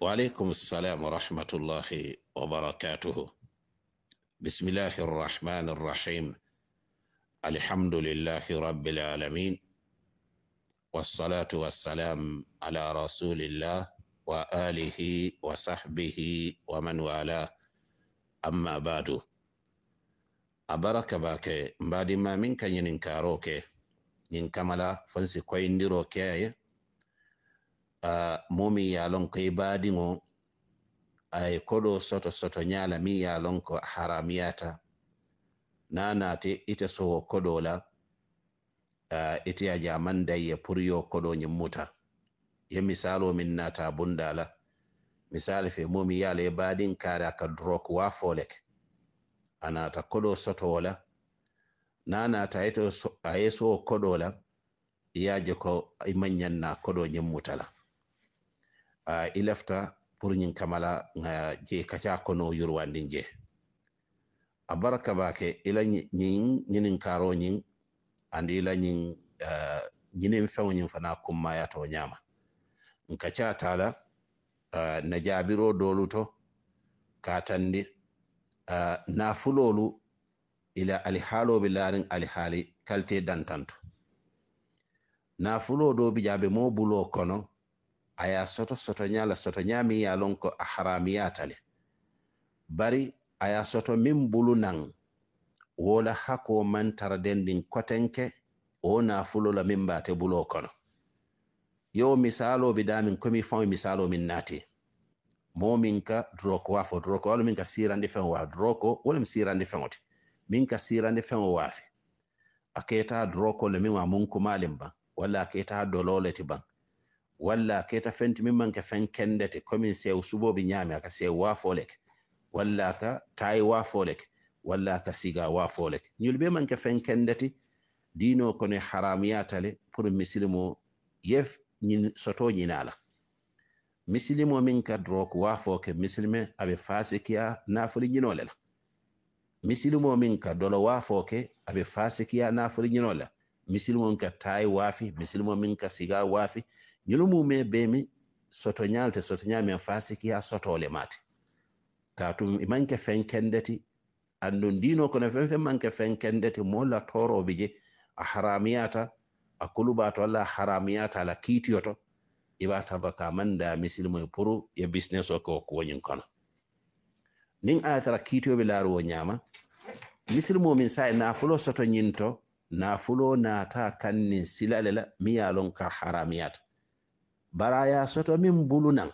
وعليكم السلام ورحمة الله وبركاته بسم الله الرحمن الرحيم الحمد لله رب العالمين والصلاة والسلام على رسول الله وآله وصحبه ومن والاه أما بعد أبارك باك بعد ما منك ينكاروك ينكمل فنسي كوين ديروك uh, momi yalonko e baadigo ay koɗo soto soto nyala mi yalonko haram yata nanate ite sowo koɗola uh, iteyaja mandaye puryo koɗo yimmuta ye misalo min nata bundala misali fe momi yala e baadin kare aka drok wa folek anata koɗo sotowola nanata ayeso so, koɗola yaje ko imanyanna koɗo yimmutala ilefta pour ñin kamala ga je kaca kono yurwandin je a baraka bake ila ñin ñinin karo ñin andi ila ñin ñinin feŋo ñin fana kummayato ñama n kaca tala na jabiro dolu to katandi nafulolu ila alihalo be larin alihali kalte dantanto nafulo do bijabe mo bulo kono aya soto sotoñala sotoñami ya lonko ko a haramiyatale bari aya soto min bulu nan wola hako man den ɗin kotenke o nafulola min mbate bulo kono yo misalo bidamin komi fami misalo min nati momin ka droko wafo droko wala min ka sirande fen wa droko wala mi sirande fen te min ka sirande fen waafe a keta droko le min wa mun kumalen wala aketa dololeti keta ban walla keta fenti min manke fen kendete se usubo bi ñaami aka sew wafoleke walla ka tayi wafoleke walla ka siga wafoleke ñol ɓe manke fen kendete dino kone kono tale pour misilimo yef nyin soto nyinala misilimo min ka drok wafoke misilme abe fasikiya nafoli ñinole la misilimo min ka dolo wafoke aɓe fasikiya nafoli nafuli la misilimo min ka tayi waafi misilimo min ka siga wafi ñilu mume bemi soto nyalte soto nyame ñamen fasiki ha sotole mate katum imanke fen kendeti andon dino kono fen fen manke fen kendeti molla toroɓe je a haramiyata a kulubato alla haramiyata ala kiitiyoto iɓa tarra ka manda misilmoye pour ya business o ko kowoñin kono nin ayatara kiitiyoɓe laaruwo ñama misilmo min sa e nafulo soto ñinto nafulo naata kannin silalela la miyalon ka haramiyata baraya soto min bulunan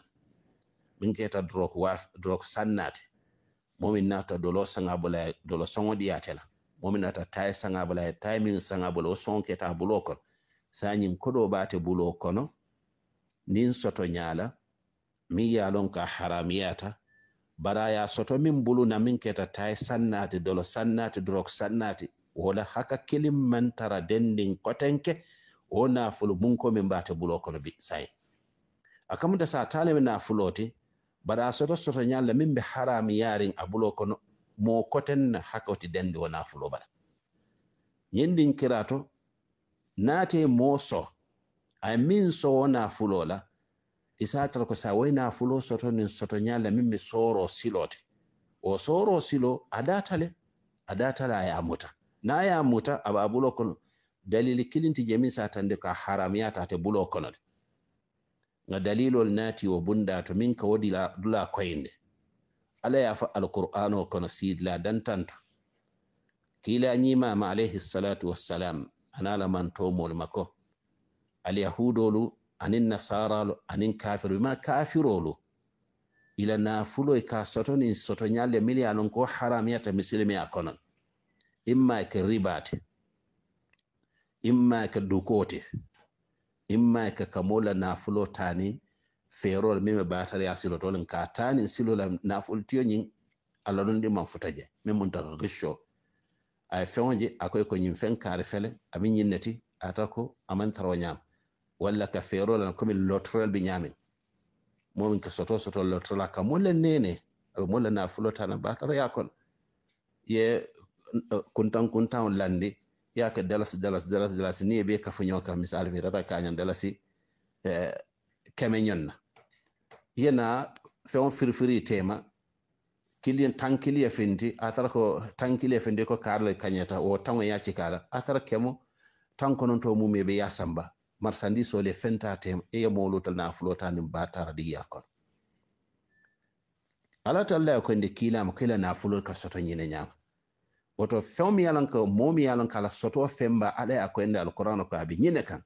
min keta drok drok sannate momin nata dolo sanga bola dolo songo diyatela momin nata tay sanga bola tay min sanga bola o songo keta bulo kono sañin koɗo bate bulo kono nin soto ñala mi yalon ka haram yata baraya soto min buluna min keta tay sannate dolo sannate drok sannate wola haka kelin mantara dendin kotenke o nafolo mun komin bate bulo kono bi sayin akamda sa talemi nafulote baɗa soto soto ñalla min ɓe harami yarin abulo kono mo koten hakkoti dende wo nafulo baɗa yendin kira to naate mo so ay min so wo nafulola isatar ko sa wai nafulo soto nin soto ñalla min mi soro silote o soro silo adatale adatale a yamuta na yamuta aba abulo kono dalili kilinti jemin sa tande ko a haram yatate bulo kono de ga dalilol naati o bunda to min ka wodi dula koynde ala yafa alqur'an o kono siidla dantanto kiila ñimama alayhi salatu wassalam anala mantomol makko alyahudolu anin nasaralu anin kafiru ma kafirolu ila na fulo e ka soto ni soto ñalle mili alon ko haramiyata misilimi a konon imma ke ribate imma ke dukote imma ka kamola nafulo tani ferol meme batar ya silo tolen ka tani silo la naful tiyo nyin ala di man futaje meme mun ta risho ay fewonje akoy ko nyin fen kare fele amin nyin neti atako aman tarwa nyam walla ka ferol na komi lotrol bi nyamin momin ka soto soto lotrol ka mola nene mola nafulo tana batar ya kon ye kuntan kuntan landi yaka dalasi dalasi dalasi dalasi ni be ka funyo ka misal fi rata kanyan dalasi e eh, kemenyon na yena fe on firi firi tema kilien tankili ya findi athar ko tankili ya findi ko karle kanyata o tanwa ya cikala athar kemo tanko non to mu mebe yasamba marsandi so le fenta tem e yemo molutal na flota nim ba tara di yakon ala ta Allah ya kwende kila mo kila na fulo ka soto nyine nyama woto feŋ mi ye loŋ ko mi ye loŋ ko a la sotoo feŋ ba alla ye a koyindi alkurano ko a be ñine kaŋ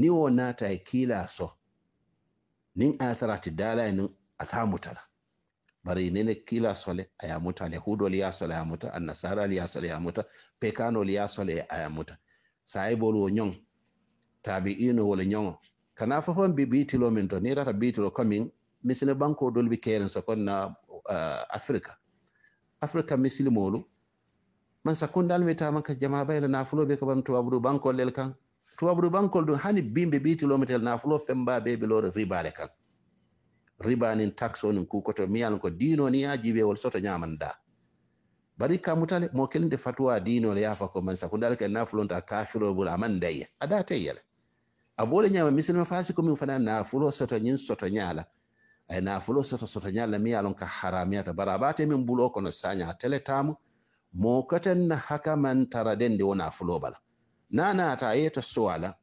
niŋ wo naata ye kiilaa so niŋ a ye tara ate daala ata muta bari nene kiilaa so le muta al yahudoolu ye a so muta annasaralu ye a so le muta pekaanoolu ye a so le a ye a muta saayiboolu wo wo le ñoŋo kana fo fon bi biitiloo min to niŋ i tata biitiloo commin misine bankoo doolu be so kono na uh, afirika afirika misilimoolu man sakkunde almitama ka jama bayla nafuloɓe kaban tubabudu bankollel kan tubabudu bankol ɗum hani bimɓe ɓitilometel nafulo fembaɓe ɓelore ribale kan riba nin taxe onin kukoto miyan ko dino ni ya jiɓewol soto ñamanda bari kamutale mo kelinde fatuwa dinole yafa ko man sakkunde alkel nafulonta kafirol bol aman daye ada teyyele abole ñama misilma fasi komin fana nafulo soto ñin soto ñala ay nafulo soto soto ñala miyalon ka haramiyata bara abate min bulo kono saña teletamo mokaten na hakaman tara den de wona fulobala nana ta yeta suwala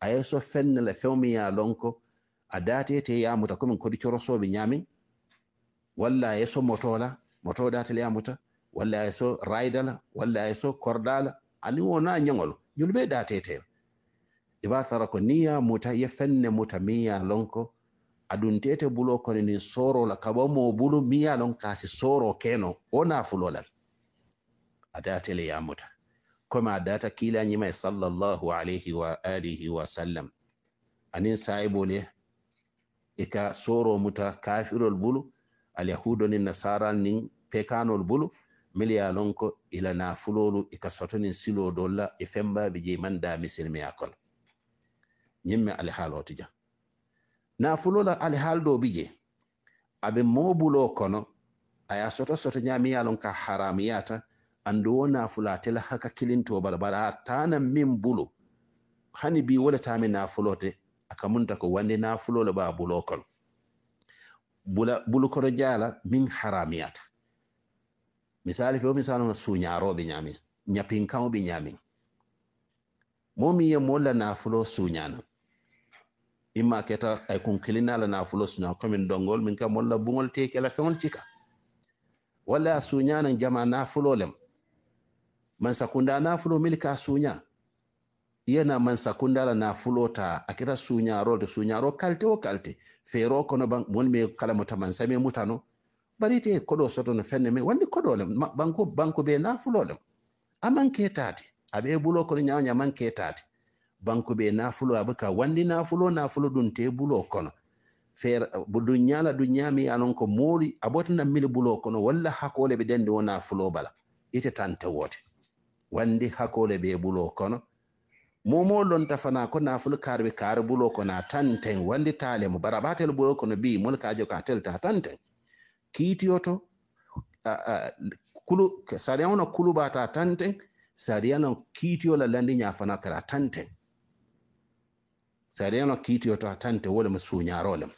a yeso fenne la fewmi ya lonko a datete yamuta komin kodi kirosoɓe ñamin walla yeso motola moto datel yamuta walla yeso raydala walla yeso kordala ani wona ñagol yulɓe datetel iba sara ko niya muta ye fenne muta miya lonko aduntete bulo kono ni sorola kaɓa mo bulu miya lon kasi soro keno wona fulolal adatele yamuta koma data kilañima e sallllahu alayhi wa alihi wa sallam anin sayibole e ka soromuta kafirol bulu alyahudo nin nasaral nin pekanol bulu miliya lonko ila nafulolu e ka sotonin silo dolla e fembaɓe je man dami silmiya kol ñimme alhaloto ja nafulola alhaaldo bije aɓe mobulo kono aya soto soto ñamiya lon ka haramiyata ando wona fulatel haka kilinto barbara tanan min bulo hani bi wala ta min tami aka mun ko wande la ba bulokol bula bulukoro jala min haramiyata misali fi o misali na bi suñaroɓe ñamin ñapinkaŋoɓe ñamin momin ye molla nafulo suñana imma keta ay fulo nafulo suña commin dongol min ka molla te tekela feŋol cika Wala a suñanan jama lem mansakunda na fulo milika sunya yana la na sunya ro da sunya ro kalte wo kalte fero kono ban mun me kala mota mansa me mutano kodo soto sotono fenne me wandi le banko banko be na le aman tati abe bulo kono ñawña man tati banko be na fulo abuka wandi na fulo na fulo dun te bulo kono feer la du ɗum mi anon ko moori abotana mili bulo kono walla hakole be dende wona fulo bala ite tante wote wandi hakole be bulo kono momo lonta fana ko nafulu karɓe kaare bulo kona tanten wandi taale mo bara bulo kono bi mol kajo ka telta tanten kiitiyoto kulu sariya ona kulubata tanten sariya no kiitiyola landi ñafana kara tanten sariya no kiitiyoto a wole wolemo suñarolem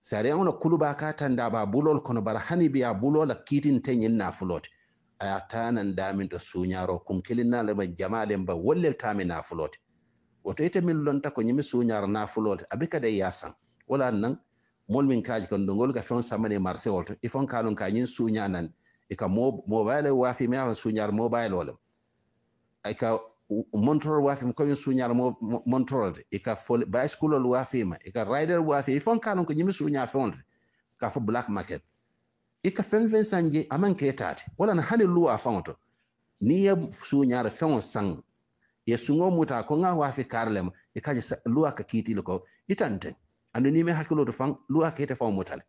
sariya kulu ba ka tanda ba bulol kono bara hani biya bulola kiitinteñin nafulote atanan daminto suñaro kum kilinalema jamalemba wolleltami nafulote woto ite min lonta ko ñimi suñaro nafulote abe kada yasan wala nan mol min kaji kon do ngol ka fen samane marché wolto il faut kalon ka ñin suña e ka mo mobile wafi mi ala suñar mobile wolem ay ka montrol wafi ko min suñar montrol e ka fol bicycle wafi ma e ka rider wafi il faut kalon ko ñimi suña fonde ka fo black market ika fɛn san je a man kɛ ta taate wala na hali luwa faŋo to ni ye suuñaara fɛn san ye suŋo muta ko ŋa waafi kaara lema i ka je luwa ka kiiti le ko itanteŋ andu ni me hakkiloo to faŋ luwa ka ite faŋo muta le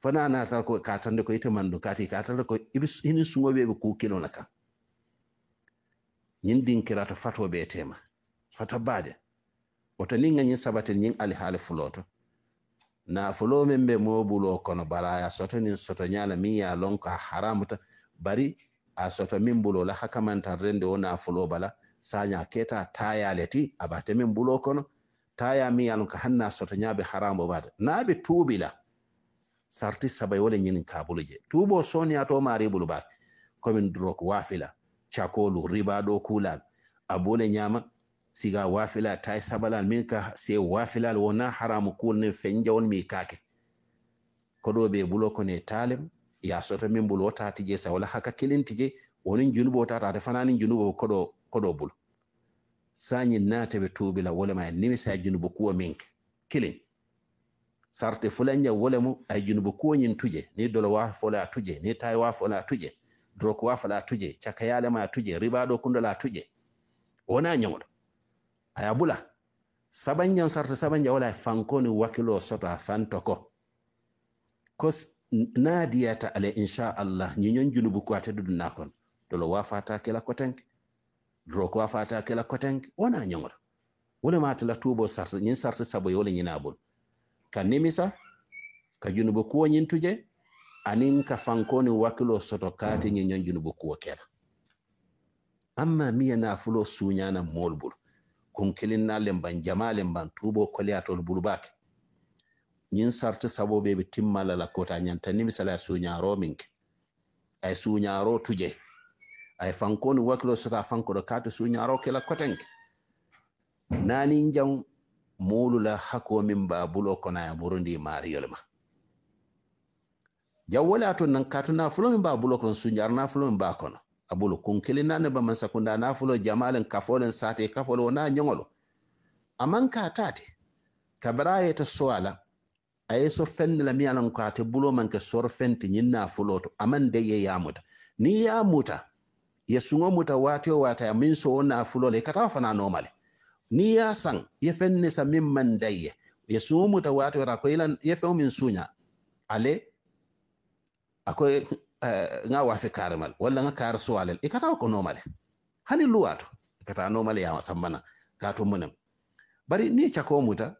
fana na tara ko ka tande ko ite mandu kaati ka tara ko ini suŋo be be kuu kiloo le kaŋ ñiŋ diŋ kirata fatoo bee tema fata baade Wata niŋ ŋa ñiŋ sabatiri ñiŋ alihaali fuloo to nafulo min ɓe mobulo kono bara ya soto nin soto nyala min ya lon ko haramuta bari a soto min bulola hakamantan rende o nafulo bala sanya keta taya leti abate min bulo kono taya min ya lon hanna soto ba haramu na bi tubila sarti sabay wala nyin ka je tuubo soniya mari bulu bak komin drok wafila cakolu riba ɗo abole nyama. siga wafila tay sabalal min ka se wafilal wona haram haramu ne fenja won mi kake ko do be bulo ko ne talem ya soto min bulo wota tije sawla haka kilin tije wonin junubo tatata fanani junubo ko do koɗo koɗo bulo sañin naataɓe tuubila ni mi sa junubo kuwa min kilin sarte fulanja wolemo ay junubo nyin tuje ni dolo fola tuje ni wa fola tuje drok fola tuje cakayalema tuje ribaɗo kundala tuje wona ñawɗo aya bula sabanjan sarta sabanja wala fankoni wakilo sota fanto ko ko naadiyata ala inchallah ñiñon junubu ko ate dudu nakon dolo wafata kela kotenke doro ko wafata kela kotenke wona ñogoto wolema tala tuubo sarta ñin sarta saboye wala ñinabol ka nimisa ka junubu kuwo ñin tuje anin ka fankoni wakilo soto kaate ñiñon junubu kuwo kela amma miya nafulo suñana mool bulu kon kelinnalen ban jamalen ban tuubo koleyatol bulubake ñin sarti saboɓe ɓe timmala lakkota ñantani misala suñaro minke ay suñaro tuje ay fankoni wakilo sota fankoɗo kato suñaro kela kotenke nani jam mulula hako min ba bulo kona ya burundi mariyol ma jawwole a nan kato na fulo min ba bulo kono suñaro na fulo min ba kono abulu kun na ne ba man sakunda na fulo jamalen Kafolin, sate kafolo na nyongolo aman ka tate kabara ya ta suwala a yi so fenni la alan ka ta bulo man ka sor fenti nyin na fulo to aman da ya ya muta ni ya muta ya sungo muta wato wata min so na fulo le fa fana normal ni ya san ya ne sa min man dai ya sungo muta wato ra ko ilan ya fe min sunya ale akwai Eh, nga wafi karimal wala nga kar suwalel i kata ko nomale hani luwato i kata nomale ya sambana kato munem bari ni cako muta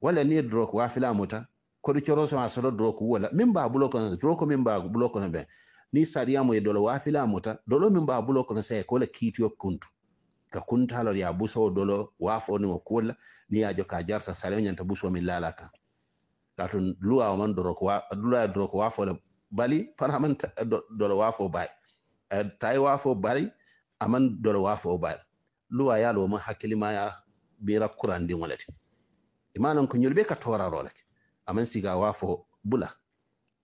wala ni drok wafila muta kodu choro so asoro drok wala min ba bloko drok min ba bloko kono be ni sariya mo dolo wafila muta dolo min ba bloko na sai ko la kitiyo kuntu ka kunta lor ya buso dolo wafo ni wakulla ni ya joka jarta salen nyanta buso min lalaka katun luwa man drok wa luwa drok wafo la bali paraman dol wafo bay eh, tay wafo bari man dole wafo bay luwa ya lo hakili ma ya bira kuran din walati imanan kun yulbe ka tora rolak aman siga wafo bula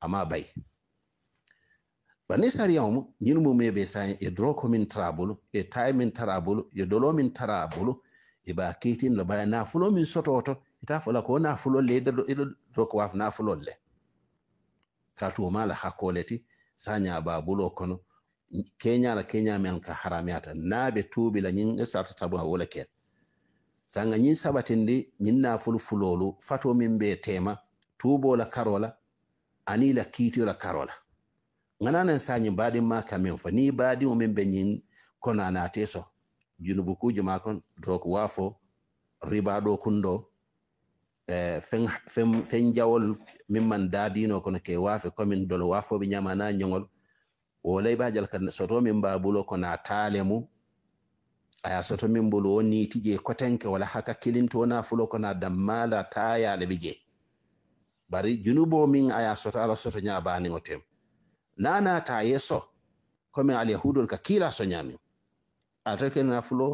ama bay bani sariyawmu ñin mum me be sai e ko min tarabolo e tawi min tarabolo e dolo min tarabolo e ba kitin lo na fulo min sototo ita fola ko le, nafulolle eɗo droko waf le. katuwo mala hakkoleti saña babulo kono keñala keñamen ka haramiyata naɓe tuɓila ñin sarta sabu a wola ken saga ñin sabatindi ñinna fulfulolu fato min ɓe tema tubola karola anila kitira karola gananen sañi baɗin ma kamin fo ni baɗin omin ɓe ñin kono anateso junubu kujo makon drok wafo riba ɗo kunɗo Eh, fen jawol mimman daadino kono ke waafe commune dolo waafoɓe ñamana ñogol wolay ɓajal ka soto min mbabulo kona taale mum aya soto min mbolo o niitije kotenke wala haka kilintona fulo kona dammala taayale ɓe je bari junubo min aya soto ala soto ñabanio tem nana ta yeso commin alyahudol ka kiila soñamin atakena fulo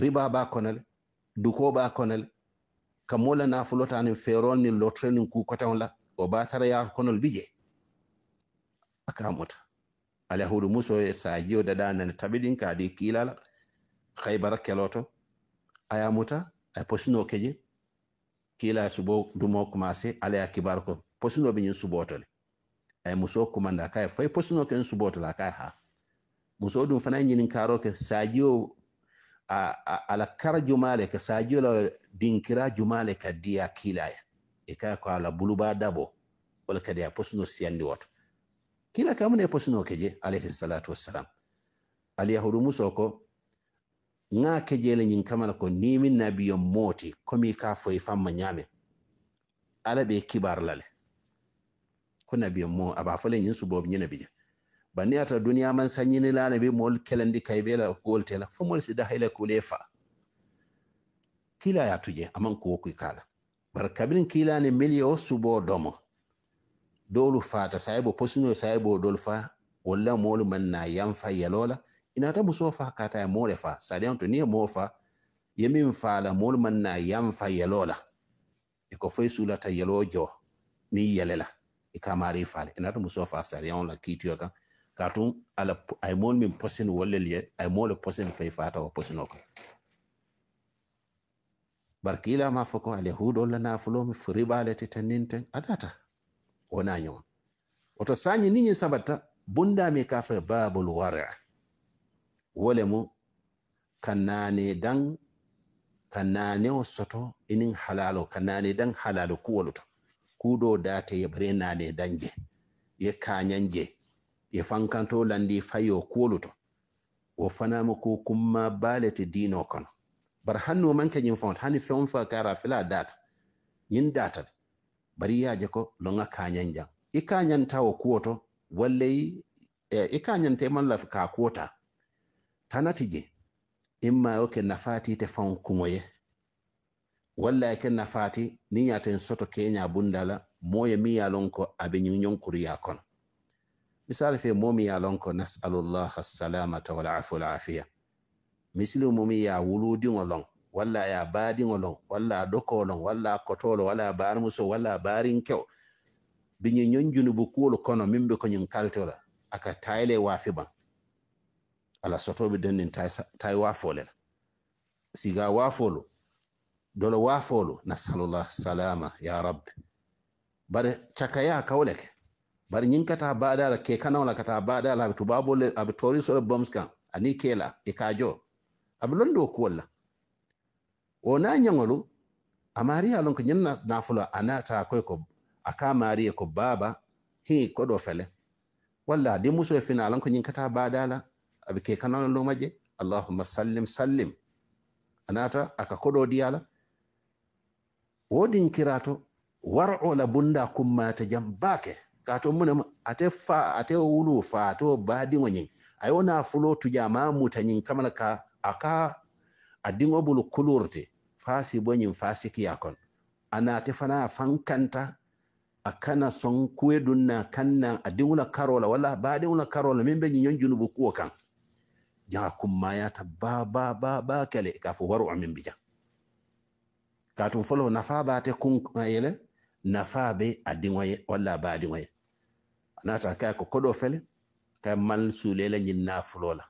ribaba konal dukoɓa konal kamola na fulotani feron ni lotrenin ku kotan la o batara ya konol bije akamuta ala hudu muso e sajiyo da dana tabidin ka di kilala khaybar keloto aya muta ay posino keje kila subo dumo kumase ala ya kibar ko posino bin subotole ay muso kumanda kay e fay posino ken subotola kay e ha muso dum fana nyinin karo ke a ala karajumale ke sajiyo dinkira jumale ka diya kilaya e kaa ko ala buluba dabo wala kadi a posno siyandi woto kila ka mune posno keje alayhi salatu wassalam alyahudu muso ko ga kejele ñin kamala ko nimin nabiyo mooti komi ka foye famma ñame ala ɓe kibar lale ko nabiyo mo aba fole ñin suboɓ ñina bije banni ata duniya man sañinilanabi mool kelandi kayɓela kowoltela fo mool si dahayla kule faa kila ya tuje aman ko ku kala bar kabirin kila ne milio subo domo dolu fata saibo posino saibo dolfa walla molu man na yalola inata muso fa kata more fa sadian to ni mo fa yemin fala molu man na yalola iko foi sulata yalojo ni yalela ikamari fale inata muso fa sadian la kitiyo kan katun ala ay mon min posin liye ay mole posin fay fata o posin barkila ma fokon ala huɗo la nafolomi fo ribalete tanninten a data wona ñoon oto sañi niñin sabatta bundami kafe babol wara wole mo kannane dan kannanewo soto enin halalo kannane dan halalo kuwoloto kuɗo date yeɓre nane dan je ye kañan je ye fankanto landi fayo kuwoloto wo fanama ko kumma balete dino kono bar hannu man kañum font hani fewn fa kara fila data yin data bari je ko longa kañan jan i kañanta wa kuoto walle yi i kañanta man laf ka na tije in ma yau ke nafati fan kuma kuŋoye walla ke nafati ni yaten soto keña bundala moye mi ya lon ko abe kuri ñonkuriya kon misali fe momi ya lon ko salama ta wal afu afiya misilimu mi ya wuludiŋo loŋ wala ya ba loŋ wala dokoo loŋ walla wala lo muso, wala barin baarinkewo biñi ñoŋ junubu kuwolu kono miŋ be ko ñiŋ kalito la a ka ban. waafi baŋ ala soto bi dennin tayi tay le la siga waafoolu dolo waafoolu nasalullah salama ya rabbi bari cakaya kawo le ke bari ñiŋ ka taa baada la ke kanawla kata ka taa baada la a be tubaabolu a boms ani kela, ikajo i ka abilondo ko walla wona ñagolu a maria lon ko ñanna nafulo a nata koye ko a ka maria e ko baba hi koɗo fele walla de muso e fina lon ko ñinkata badala aɓe kekanano lumaje allahuma sallim sallim a nata aka koɗo diyala wodin kirato war ola bunda kummata jam bake gato munema ate fa ate wulu fa ato badiŋo ñing ayi wona fulo tuja mamuta ñing kamala ka aka a diŋobulu kulurte faasi bo ñiŋ faasikiya kon anaate fana a fankanta a kana soŋ kuwe duŋ na kaŋ naŋ a diŋo la karola walla baa diŋo la karola meŋ be ñiñoŋ junubu kuwo kaŋ jaŋa kummayata babababa kele ka fo waro a meŋ bi jaŋ kaatum folo nafaa baate kuŋayele nafaa be a diŋoye walla baa diŋoye anaata kaye ko kodo fele kaye mal suulele ñiŋ naafulo la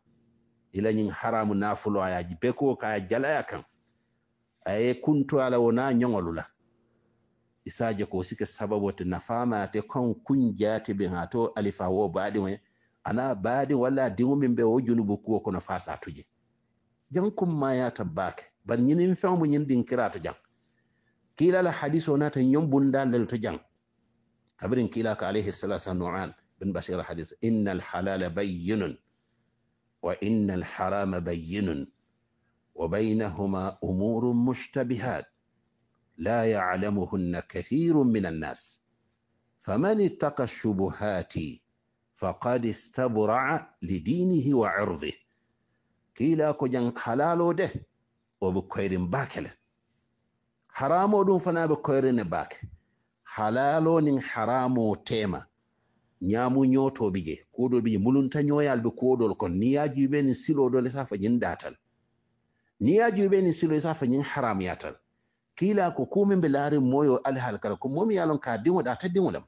ila ñiŋ haramu nafulo a ye ji be koo ka a ye jalaya kaŋ a ye kuntu a la wo na ñoŋolu la isa je ko sike sababo te nafamaate kaŋ kuŋ jaate be a to alifa wo baadiŋo ye ana baadi walla a diŋo miŋ be wo junubu kuwo kono faasa tuje jaŋ kummayaata baake bari ñiniŋ feŋo mu ñiŋ diŋ kiraata jaŋ kiila la hadiso naata ñoŋ bundaŋ lel to jaŋ kabiriŋ kiila ko alayhi salatu wa nuan bin basir hadis inna alhalala bayyinun وإن الحرام بين وبينهما أمور مشتبهات لا يعلمهن كثير من الناس فمن اتقى الشبهات فقد استبرع لدينه وعرضه كيلا كجان حلالو ده وبكير باكل حرامو دون فنا بكويرين باك حلالو نن حرامو تيما ñaamu ñootooɓe je kuoɗol ɓe je mulunta ñooyalɓe kuoɗol kon ni yaajuɓe ni siloɗol e safañin ɗatal ni yaajuɓe ni silo e safañin haram yatal kiila ko kuumi mbe laari moyo alhal kala ko momi yalon ka dimoɗa ta dimolam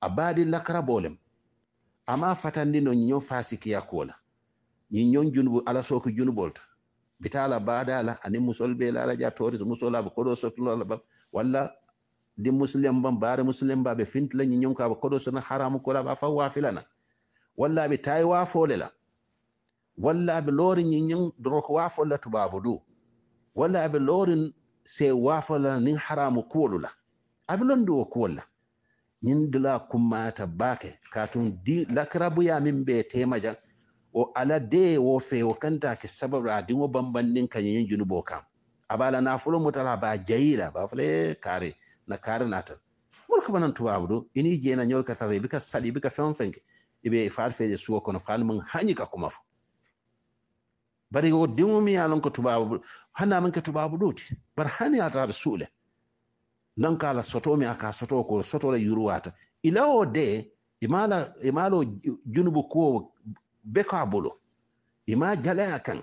a baadilla karaboolem ama fatandi no ñoo fasikiyakuola ñin ñon junubu ala sooki junubolta mbitaala baadaala anin musolɓe laalaja toore so musolaaba koɗo soklo alaba walla di muslim ba bare muslim ba la ba fintila ñiñonkaɓe koɗo sona la ba a wa filana walla wa fo wafole la walla aɓe loori ñiñon doroko wafolla tubabo du walla aɓe loori se wafolla haram haramu lu la ko londi nyin de la ñin dula kummata baake katum di ya min be temajan o ala de wo fe o kanta ke sababu a dingo bambandin kan yin junubo kam abala na fulo mutala ba jayila ba fule kare na kare nata, mol ko banan tubabu ɗo ini jeena ñol ka tata ibika saɗi ibika fen fenke iɓe faal feeje suwa kono faal mun hanyi ka kuma fa, bari go dimu mi ye a lon ko tubabu hannaman ke tubabu ɗoti bari hani be suule nan kala soto mi aka soto ko soto la yuruwata ila o de imala imalo junubu ko be ka bolo ima jala kan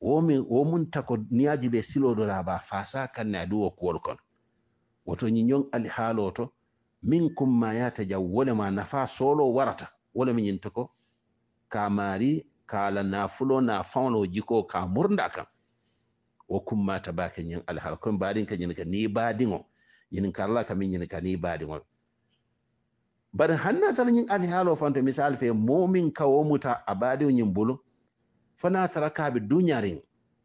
womi womun tako niyaji be silo do la ba fasa kan na duwo kuwol kono woto ñiñon ali haalo to min kumma yata jaw wolema nafa soolo warata wole mi ñinta ko ka maari kaala naafulo na fawlo jiko ka murda kan wo kumma tabake ñin ali haalo komi baɗinka ñinka ni baadiŋo ñinin karla kami ñinka ni baadiŋo bari hanna tara ñin ali haalo fanto misali fe momin kawo muta a baadiŋo ñin bulu fana tara kaaɓe duñariŋ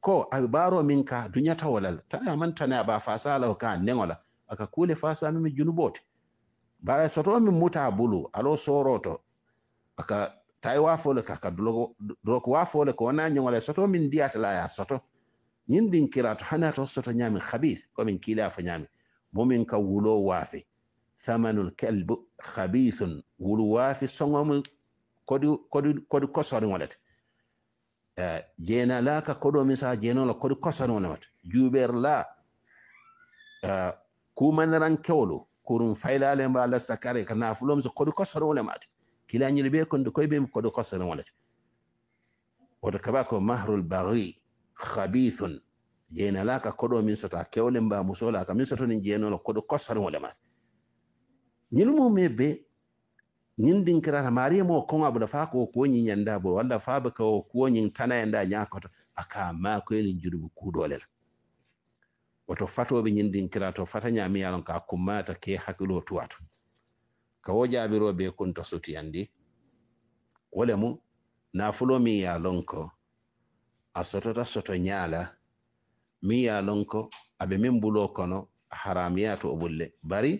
ko aɓe baaro min ka duñatawolal tana amantane aba fasalaho ka neŋola akakule fa sami mi junubote bara soto mi muta bulu alo soroto aka tay wafole ka ka drok wafole ko na nyongole soto min diata la ya soto nyin din Kirat hana to soto nyami khabith ko min kila fa nyami momin ka wulo wafe thamanul kalb khabithun wulu wafe songom kodi kodi kodi kosori walete Uh, jeena la ka kodo misa jeenola kodi kosori wonewata juubeer la uh, kumanaran kurun kurum faylalen ba la sakare kana fulom so kodu kosoro wala mati kila nyiri be kondo koy be kodu kosoro wala wato kaba ko mahrul baghi khabithun jena laka kodo min sota kewle ba musola ka min soto ni jeno kodu kosoro wala mati nyiri mu mebe ñin din kirata mari mo konga bu da fa ko ko nyin yanda bu walla fa ba ko ko nyin tana yanda nya aka ma ko ni jurbu ku woto fatoɓe ñindin kira to fata ñamiyalon ka ta ke hakkilo tuwatu kawo jaabiroɓe kunta sutiyandi wole mu nafulo mi ya lon ko a sotota soto ñaala mi ya lon ko aɓe min bulo kono haramiya to o ɓulle bari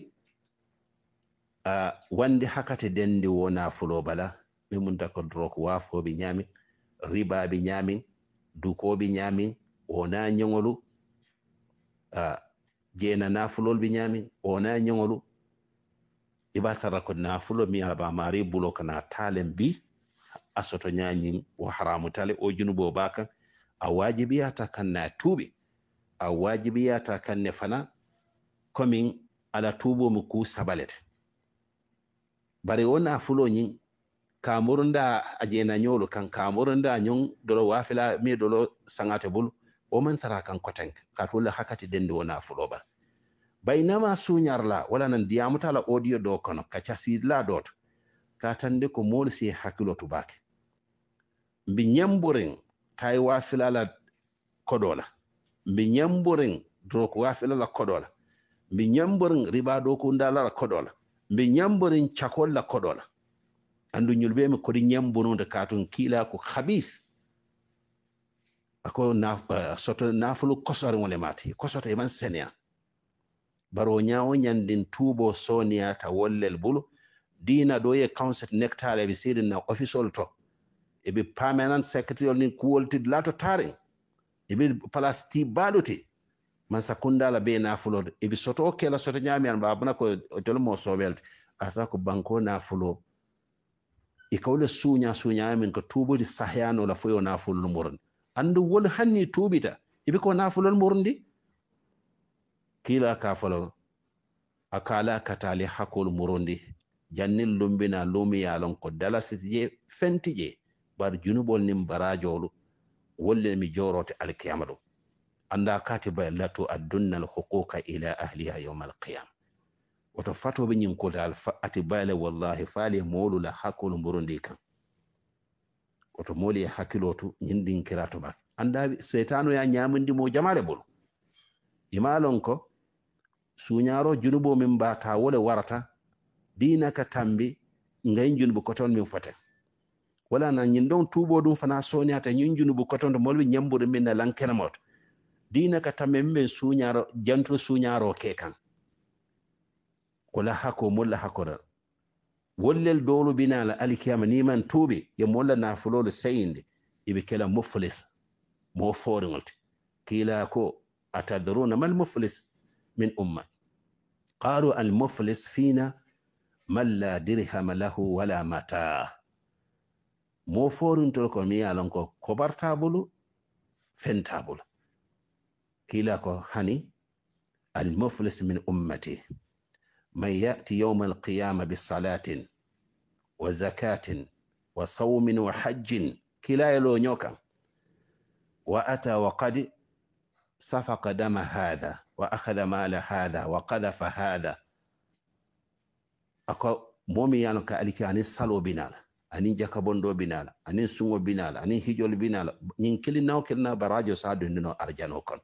uh, wandi hakkate dendi wo nafulo bala min munta ko drok wafoɓe ñamin ribaɓe ñamin dukoɓe ñamin wona ñogolu Ah, jeena nafulol ɓe ñaami ona ñogolu iɓa tara ko nafulo mi alaba mari bulo kana talen bi asoto ñañin wo haramu tale o junubo ba kan a wajibiyata kan na tuɓe a wajibiyata kan ne fana komin ala tubomi ku sabalete bari wo nafuloñin kamurunda a jeenañolu kan kamurunda ñon dolo wafila mi dolo saŋate bulu o man tara kan kotenk katola hakati dende wona fuloɓal baynama suñarla wala nan diyamutala audio ɗo kono kaca sidla ɗoto katande ko moolu si hakkilo tubake mbi ñamboren tawi wafilala koɗola mbi ñamboren drok wafilala koɗola mbi ñamboren riba ɗo ko ndalala koɗola mbi ñamboren cakolla koɗola andu ñulɓemi koɗi ñambonode katun kiila ko habis ako na uh, soto nafulu kosore wone mati kosoto e man senia baro nyaawo nyandin tuubo sonia ta wollel bulu dina do ye council nectar eɓe sirin na official to e eɓe permanent secretary ni kuwoltid lato tarin eɓe place ti baluti man sakunda la be e eɓe soto o la soto ñaami an babuna ko tolmo soɓelde ata ko banko nafulo e kawle suuña suuñamin ko di tuubodi sahyanola foyo nafullu murni andu wol hanni tuuɓita iɓe ko nafulol murndi kila ka folo a kala katali hakkol murundi jannin lumbina lumiyalon ko dalasije fenti bar junuɓol nin barajolu wolle mi jorote alkiyama anda kati ba lato addunna alhuquqa ila ahliha yawma alqiyama woto fatoɓe ñinkota ati bayle wallahi faali mowlula hakkol murundi kan oto mooli e hakkilo to ñindinkira to bak anndawi seytanu ya ñamindimo jamare bolu imalon e ko suñaro junubo min mba ta wole warata dinaka tambi ngayi junubu koton min foten wala na ñin ɗon tuuɓo ɗum fana soniyata ñin junubu koton to molwi ñambude min na lankenemoto dinaka tambi min ɓen suñaro jantu suñaro ke kan kola hako molla hakkoɗaɗo wollel dowlu binala alikiyama niman tuuɓe yomo wolla da seyinde eɓe kala muflis mo fooriŋol te kiila ko atadruna mal muflis min umma qalu al muflis fina man la dirhama lahu wala mata mo forintol ko mi yalon ko kobartabulu fentabulu kila ko hani al muflis min ummati من يأتي يوم القيامة بالصلاة وزكاة وصوم وحج كلا يلونيوكا وأتى وقد سفق دم هذا وأخذ مال هذا وقذف هذا أكو momi yano ka aliki ani salo binala ani jaka bondo binala ani sungo binala ani hijol binala nyin kili naw kili na barajo sa dundino arjano kon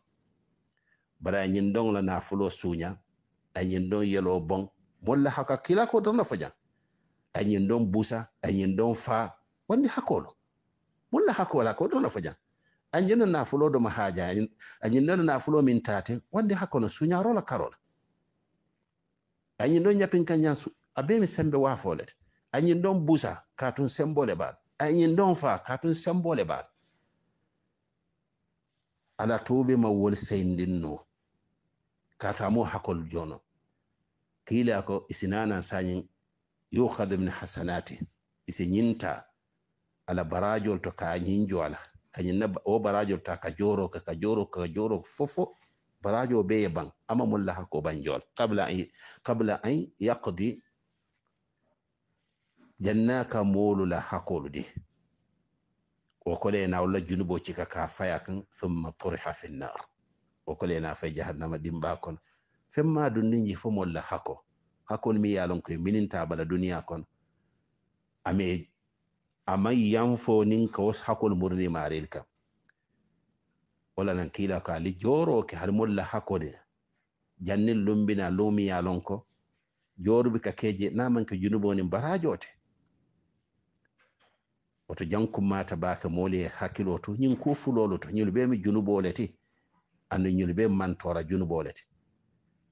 bara nyin dong la na fulo sunya añin don yelo bon molla haka kila ko darna faja añin don busa añin don fa wani hakolo molla hakola ko faja fajan na fulo do mahaja haja na na fulo min tate wani hakono rola karola añin ɗon su abe mi sembe folet añin don busa katun sembole ba añin don fa katun sembole ba ala tobe ma wol seyndinno katamo hakol jono kila ko isinana sanyin yukhadhu min hasanati isi ala barajol to ka nyinjo ala kanyinna o barajol ta ka joro ka ka joro ka joro fofo barajo be ban ama mulla hako banjol qabla ay qabla ay yaqdi jannaka molu la hakolu de o kole na wala junubo cika ka faya kan thumma fi nar o ko fay jahannama ɗimba kon femma dunninji fo molla hako hakon mi yalon koye mininta bala duniya kono ame amma yanfo nin ka wasu murni marel wala nan kila ko ali joro ke har molla hakode jannin lumbina lumi yalon ko jorubi ka keje naman ka junubonin barajote woto jankummata baka mole hakkilo to ñin kufulolo to ñol ɓemi junubole ti anduñol be mantora junubolete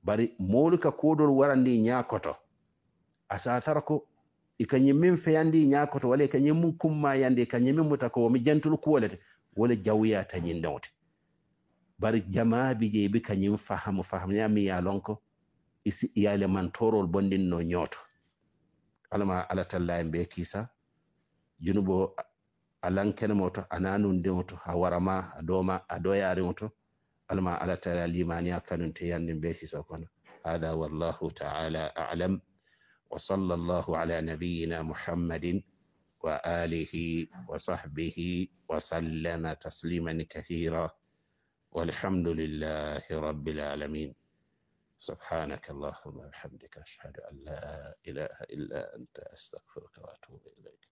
bari moolu ka kuodol warandi ñakoto asatara ko ikañe min feyandi ñakoto wala ikañe mun kummayandi ikañe min muta ko mi jantul kuwolete wala jawya tañinnewte bari jamaa bi je bi kañin fahamu fahamu ñami ya lonko isi iyale mantorol no ñooto alama ala talla en be kisa junubo alankene moto ananundiŋo to a warama a doma a الما على ترى لمانيا كانت بيسي هذا والله تعالى أعلم وصلى الله على نبينا محمد وآله وصحبه وسلم تسليما كثيرا والحمد لله رب العالمين سبحانك اللهم وبحمدك أشهد أن لا إله إلا أنت أستغفرك وأتوب إليك